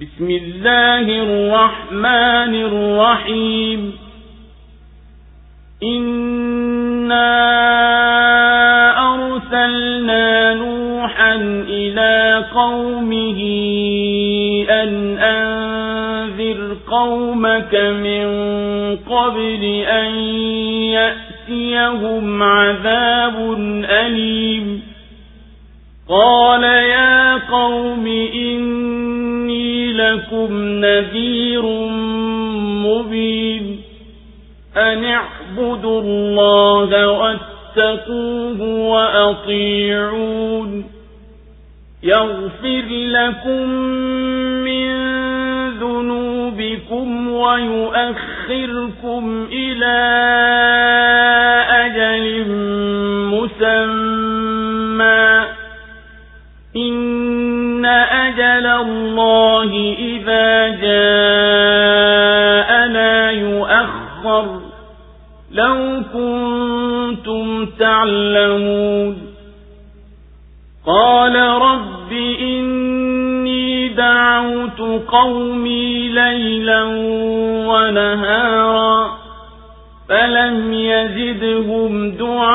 بسم الله الرحمن الرحيم إنا أرسلنا نوحا إلى قومه أن أنذر قومك من قبل أن يأتيهم عذاب أليم قال يا قوم إن لكم نذير مبين أن اعبدوا الله واتقوه وأطيعون يغفر لكم من ذنوبكم ويؤخركم إلى أجل مسمى إن أجل الله إذا جاء لا يؤخر لو كنتم تعلمون قال رب إني دعوت قومي ليلا ونهارا فلم يزدهم دعائي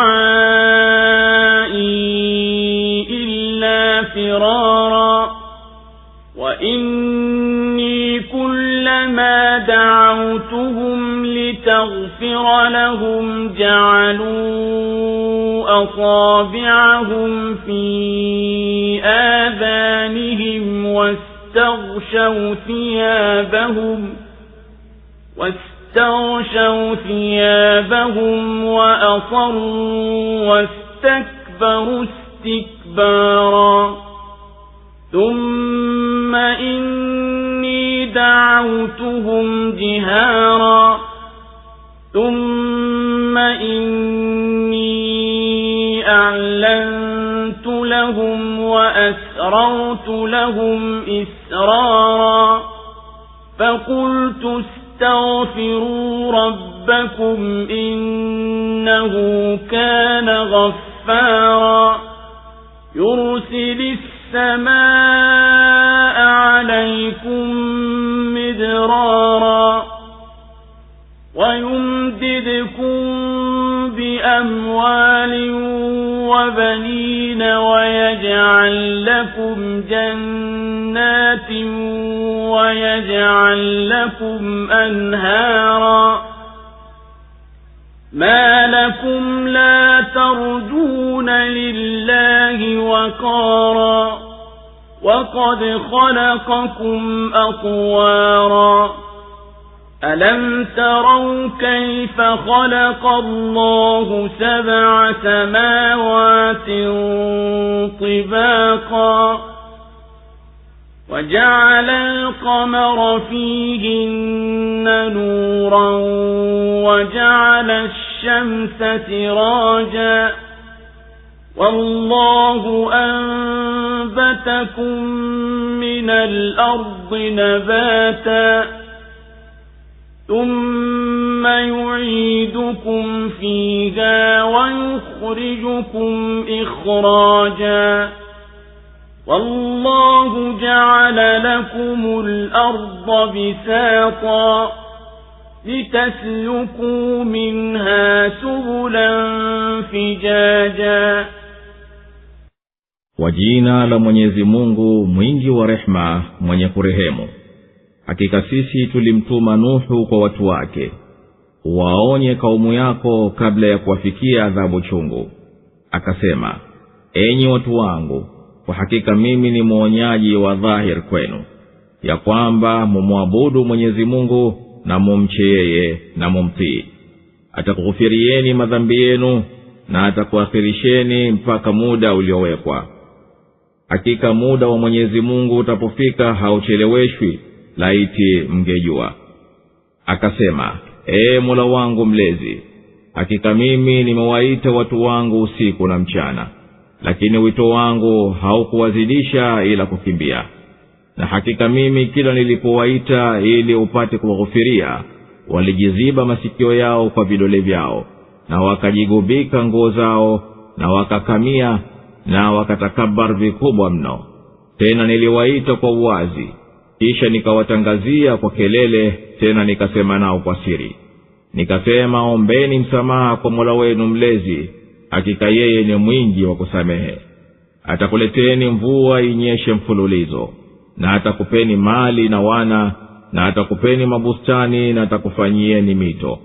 إلا فرارا وإني كلما دعوتهم لتغفر لهم جعلوا أصابعهم في آذانهم واستغشوا ثيابهم واستغشوا ثيابهم وأصروا واستكبروا استكبارا ثم ثم إني دعوتهم جهارا ثم إني أعلنت لهم وأسررت لهم إسرارا فقلت استغفروا ربكم إنه كان غفارا يرسل السماء مدرارا ويمددكم بأموال وبنين ويجعل لكم جنات ويجعل لكم أنهارا ما لكم لا ترجون لله وقارا وقد خلقكم أطوارا ألم تروا كيف خلق الله سبع سماوات طباقا وجعل القمر فيهن نورا وجعل الشمس سراجا والله أنبتكم من الأرض نباتا ثم يعيدكم فيها ويخرجكم إخراجا والله جعل لكم الأرض بساطا لتسلكوا منها سبلا فجاجا kwa jina la mwenyezi mungu mwingi wa rehema mwenye kurehemu hakika sisi tulimtuma nuhu kwa watu wake waonye kaumu yako kabla ya kuwafikia adhabu chungu akasema enyi watu wangu kwa hakika mimi ni mwonyaji wa dhahir kwenu ya kwamba mumwabudu mwenyezi mungu na mumche yeye na mumtii atakughufirieni madhambi yenu na atakuakhirisheni mpaka muda uliowekwa hakika muda wa mwenyezi mungu utapofika haucheleweshwi laiti mngejua akasema ee mola wangu mlezi hakika mimi nimewaita watu wangu usiku na mchana lakini wito wangu haukuwazidisha ila kukimbia na hakika mimi kila nilipowaita ili upate kuwaghufiria walijiziba masikio yao kwa vidole vyao na wakajigubika nguo zao na wakakamia na wakatakabar vikubwa mno tena niliwaita kwa uwazi kisha nikawatangazia kwa kelele tena nikasema nao kwa siri nikasema ombeni msamaha kwa mola wenu mlezi hakika yeye ni mwingi wa kusamehe atakuleteni mvua inyeshe mfululizo na atakupeni mali na wana na atakupeni mabustani na atakufanyieni mito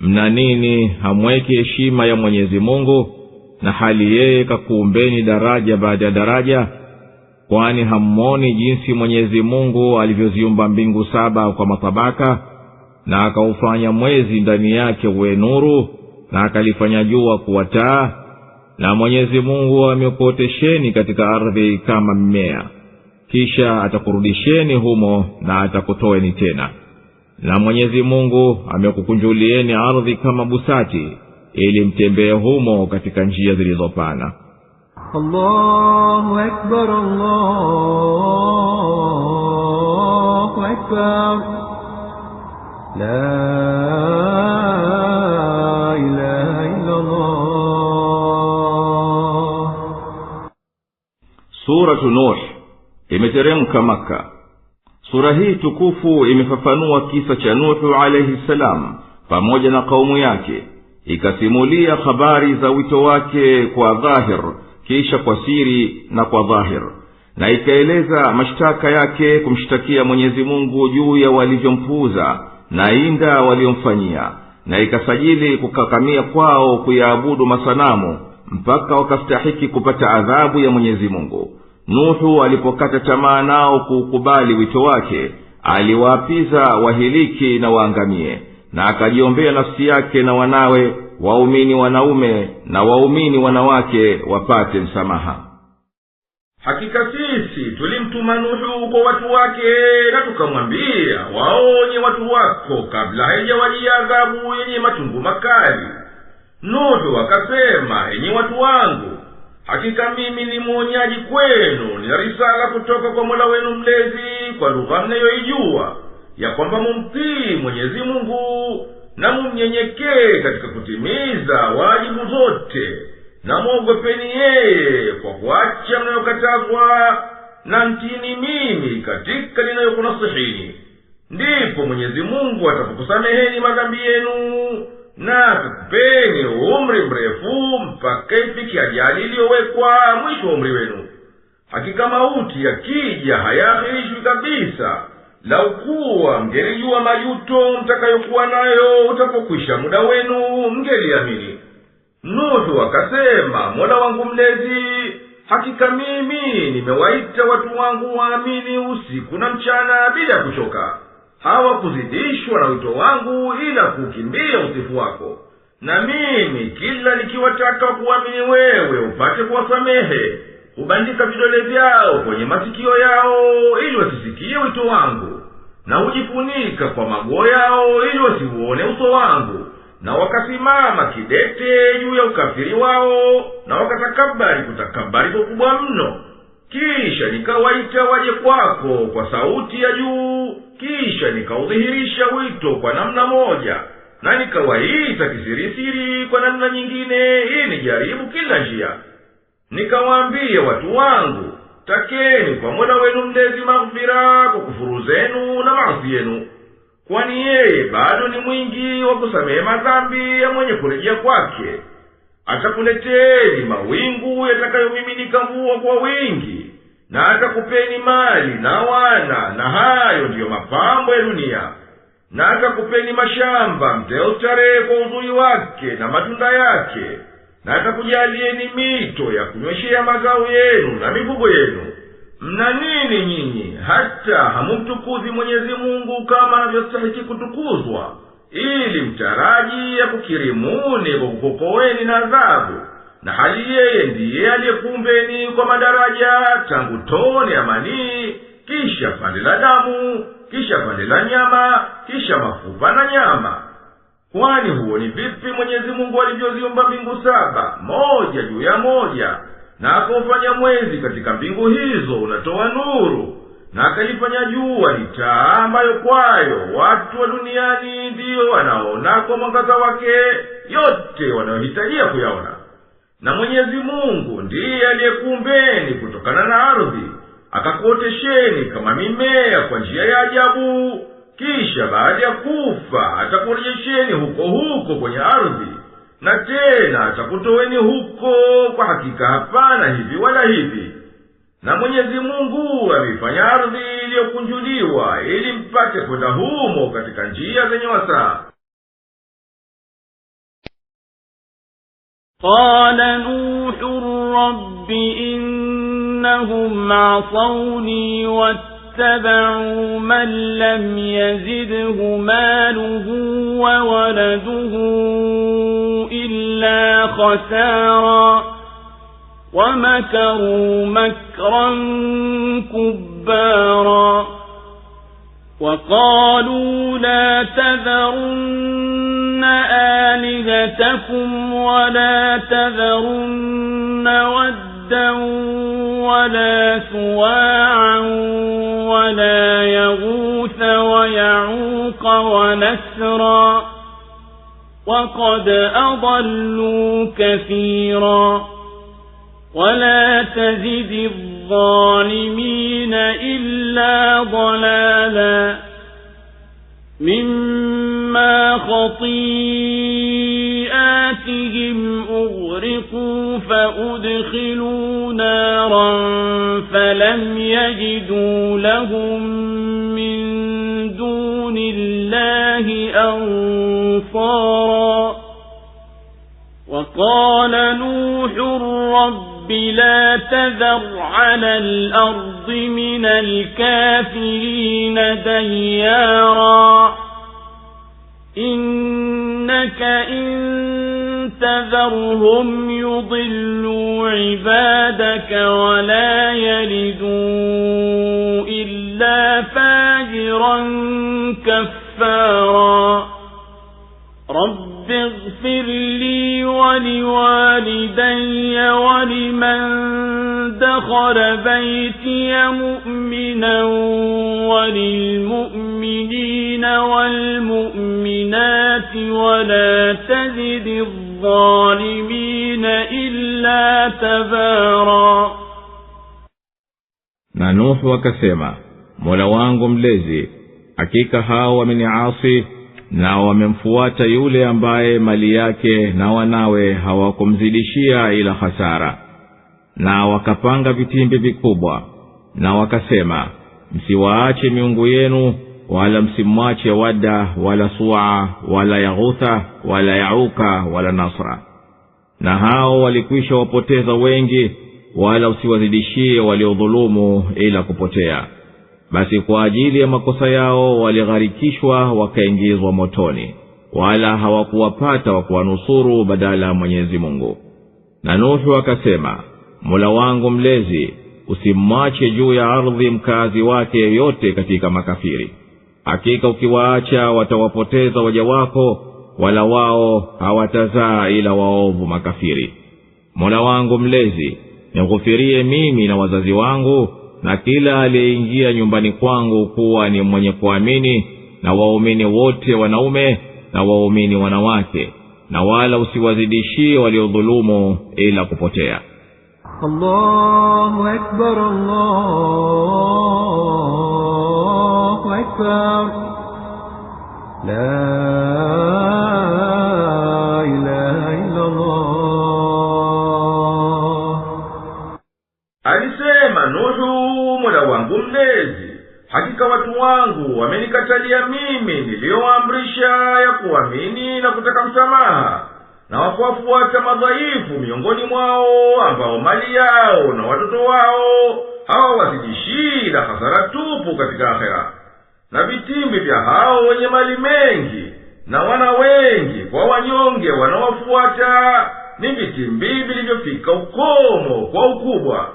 mna nini hamweki heshima ya mwenyezi mungu na hali yeye kakuumbeni daraja baada ya daraja kwani hammoni jinsi mwenyezi mungu alivyoziumba mbingu saba kwa matabaka na akaufanya mwezi ndani yake uwe nuru na akalifanya jua kuwa taa na mwenyezi mungu amekuotesheni katika ardhi kama mmea kisha atakurudisheni humo na atakutoweni tena na mwenyezi mungu amekukunjulieni ardhi kama busati ili mtembee humo katika njia zilizopana suratu imeteremka maka sura hii tukufu imefafanua kisa cha nuhu alaihi ssalam pamoja na kaumu yake ikasimulia habari za wito wake kwa dhahir kisha kwa siri na kwa dhahir na ikaeleza mashtaka yake kumshtakia mwenyezi mungu juu ya walivyompuuza na inda waliomfanyia na ikasajili kukakamia kwao kuyaabudu masanamu mpaka wakastahiki kupata adhabu ya mwenyezi mungu nuhu alipokata tamaa nao kuukubali wito wake aliwaapiza wahiliki na waangamie na akajiombea nafsi yake na wanawe waumini wanaume na waumini wanawake wapate msamaha hakika sisi tulimtuma nuhu kwa watu wake na tukamwambia waonye watu wako kabla haijawajia adhabu yenye matungu makali nuhu akasema enye watu wangu hakika mimi ni mwonyaji kwenu nina risala kutoka kwa mola wenu mlezi kwa lugha mnayoijua ya kwamba mumtii mwenyezi mungu na mumnyenyekee katika kutimiza wajibu zote na mwogopeni yeye kwa kuacha mnayokatazwa na mtini mimi katika ninayokunasihini ndipo mwenyezi mungu atakukusameheni madhambi yenu na akupeni umri mrefu mpaka ifiki ajali iliyowekwa mwisho wa umri wenu hakika mauti yakija hayaahirishwi kabisa laukuwa mngelijua majuto mtakayokuwa nayo utapokwisha muda wenu mngeliamini nuhu akasema mola wangu mlezi hakika mimi nimewaita watu wangu waamini usiku na mchana bila kuchoka hawakuzidishwa na wito wangu ila kuukimbia usifu wako na mimi kila nikiwataka kuamini wewe upate kuwasamehe kubandika vidole vyao kwenye masikio yao ili wasisikie wito wangu na hujifunika kwa mago yao ili wasiuone uso wangu na wakasimama kidete juu ya ukafiri wao na wakatakabari kutakabari kukubwa mno kisha nikawaita waje kwako kwa sauti ya juu kisha nikaudhihirisha wito kwa namna moja na nikawaita kisirisiri kwa namna nyingine ili nijaribu kila njia nikawaambia watu wangu takeni kwa mola wenu mlezi maghfira kwa kufuru zenu na maasi yenu kwani yeye bado ni mwingi wa kusamehe madhambi ya mwenye kurejea kwake atakuleteni mawingu yatakayomiminika mvua kwa wingi na atakupeni mali na wana na hayo ndiyo mapambo ya dunia na atakupeni mashamba mteo kwa uzuri wake na matunda yake na atakujalieni mito ya kunyweshea mazao yenu na mifugo yenu mna nini nyinyi hata hamumtukuzi mwenyezi mungu kama anavyostahiki kutukuzwa ili mtaraji ya kukirimuni kwa kukokoweni na adhabu na hali yeye ndiye aliyekumbeni kwa madaraja tangu tone ya manii kisha pande la damu kisha pande la nyama kisha mafupa na nyama kwani ni vipi mwenyezi mungu alivyoziumba mbingu saba moja juu ya moja na akaufanya mwezi katika mbingu hizo unatoa nuru na akalifanya jua ni taa ambayo kwayo watu wa duniani ndiyo wanaona kwa mwangaza wake yote wanayohitajia kuyaona na mwenyezi mungu ndiye aliyekumbeni kutokana na ardhi akakuotesheni kama mimea kwa njia ya ajabu kisha baada ya kufa atakurejesheni huko huko kwenye ardhi na tena atakutoweni huko kwa hakika hapana hivi wala hivi na mwenyezi mungu ameifanya ardhi iliyokunjuliwa ili mpate kwenda humo katika njia zenye wasaa قال نوح رب إنهم عصوني واتبعوا من لم يزده ماله وولده إلا خسارا ومكروا مكرا كبارا وقالوا لا تذرن آلهتكم ولا تذرن ود ولا سواعا ولا يغوث ويعوق ونسرا وقد أضلوا كثيرا ولا تزد الظالمين إلا ضلالا مما خطير بآياتهم أغرقوا فأدخلوا نارا فلم يجدوا لهم من دون الله أنصارا وقال نوح رب لا تذر على الأرض من الكافرين دياراً إنك إن تذرهم يضلوا عبادك ولا يلدوا إلا فاجرا كفارا رب اغفر لي ولوالدي ولمن دخل بيتي مؤمنا وللمؤمن المؤمنين والمؤمنات ولا تزد الظالمين إلا تبارا na nuhu akasema mola wangu mlezi hakika hao wameniasi na wamemfuata yule ambaye mali yake na wanawe hawakumzidishia ila hasara na wakapanga vitimbi vikubwa na wakasema msiwaache miungu yenu wala msimwache wada wala sua wala yaghutha wala yauka wala nasra na hao walikwisha wapoteza wengi wala usiwazidishie waliodhulumu ila kupotea basi kwa ajili ya makosa yao waligharikishwa wakaingizwa motoni wala hawakuwapata wakuwanusuru badala ya mwenyezi mungu na nuhu akasema mula wangu mlezi usimwache juu ya ardhi mkazi wake yeyote katika makafiri hakika ukiwaacha watawapoteza waja wako wala wao hawatazaa ila waovu makafiri mola wangu mlezi nighufirie mimi na wazazi wangu na kila aliyeingia nyumbani kwangu kuwa ni mwenye kuamini na waumini wote wanaume na waumini wanawake na wala usiwazidishie waliodhulumu ila kupotea Allahu Akbar, Allahu أكبر لا إله إلا الله alisema nuhu mola wangu mlezi hakika watu wangu wamenikatalia mimi niliyoamrisha ya kuamini na kutaka msamaha na wakuwafuata madhaifu miongoni mwao ambao mali yao na watoto wao hawawazidishii la hasara tupu katika akhera na vitimbi vya hao wenye mali mengi na wana wengi kwa wanyonge wanaofuata ni vitimbi vilivyofika ukomo kwa ukubwa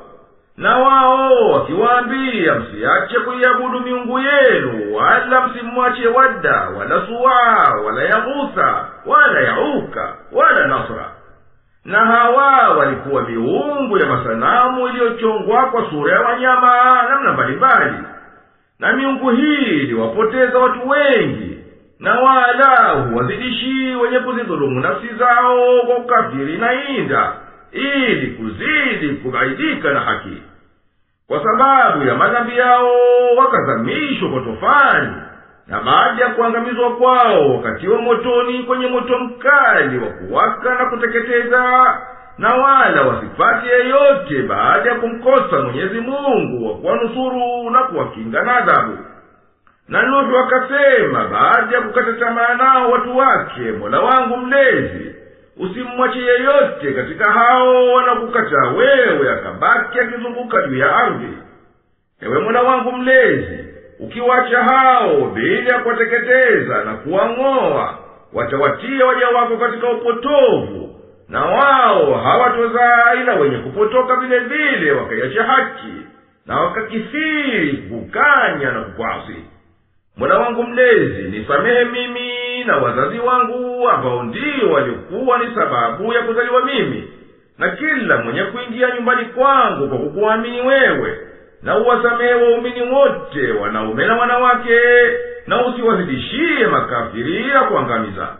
na wao wakiwaambia msiache kuiabudu miungu yenu wala msimwache wadda wala suwaa wala yaghutha wala yauka wala nasra na hawa walikuwa miungu ya masanamu iliyochongwa kwa sura ya wanyama namna mbalimbali na miungu hii iliwapoteza watu wengi na wala huwazidishi wenye kuzidhulumu nafsi zao kwa ukafiri na inda ili kuzidi kugaidika na haki kwa sababu ya madhambi yao wakazamishwa kwa tofani na baada ya kuangamizwa kwao wakatiwa motoni kwenye moto mkali wa kuwaka na kuteketeza na wala wasipate yeyote baada ya kumkosa mwenyezi mungu wa kuwanusuru na kuwakinga na adhabu na nuhu akasema baada ya kukata tamaa nao watu wake mola wangu mlezi usimmwache yeyote katika hao wanakukata wewe akabaki akizunguka juu ya ardhi ewe mola wangu mlezi ukiwacha hao bila ya kuwateketeza na kuwang'owa watawatia waja wako katika upotovu na wao hawatozaa ila wenye kupotoka vile vile wakaiacha haki na wakakisiri kukanya na kukwasi mwana wangu mlezi nisamehe mimi na wazazi wangu ambao ndio waliokuwa ni sababu ya kuzaliwa mimi na kila mwenye kuingia nyumbani kwangu kwa kukuamini wewe na uwasamehe waumini wote wanaume na wanawake na usiwazidishie makafiri ya kuangamiza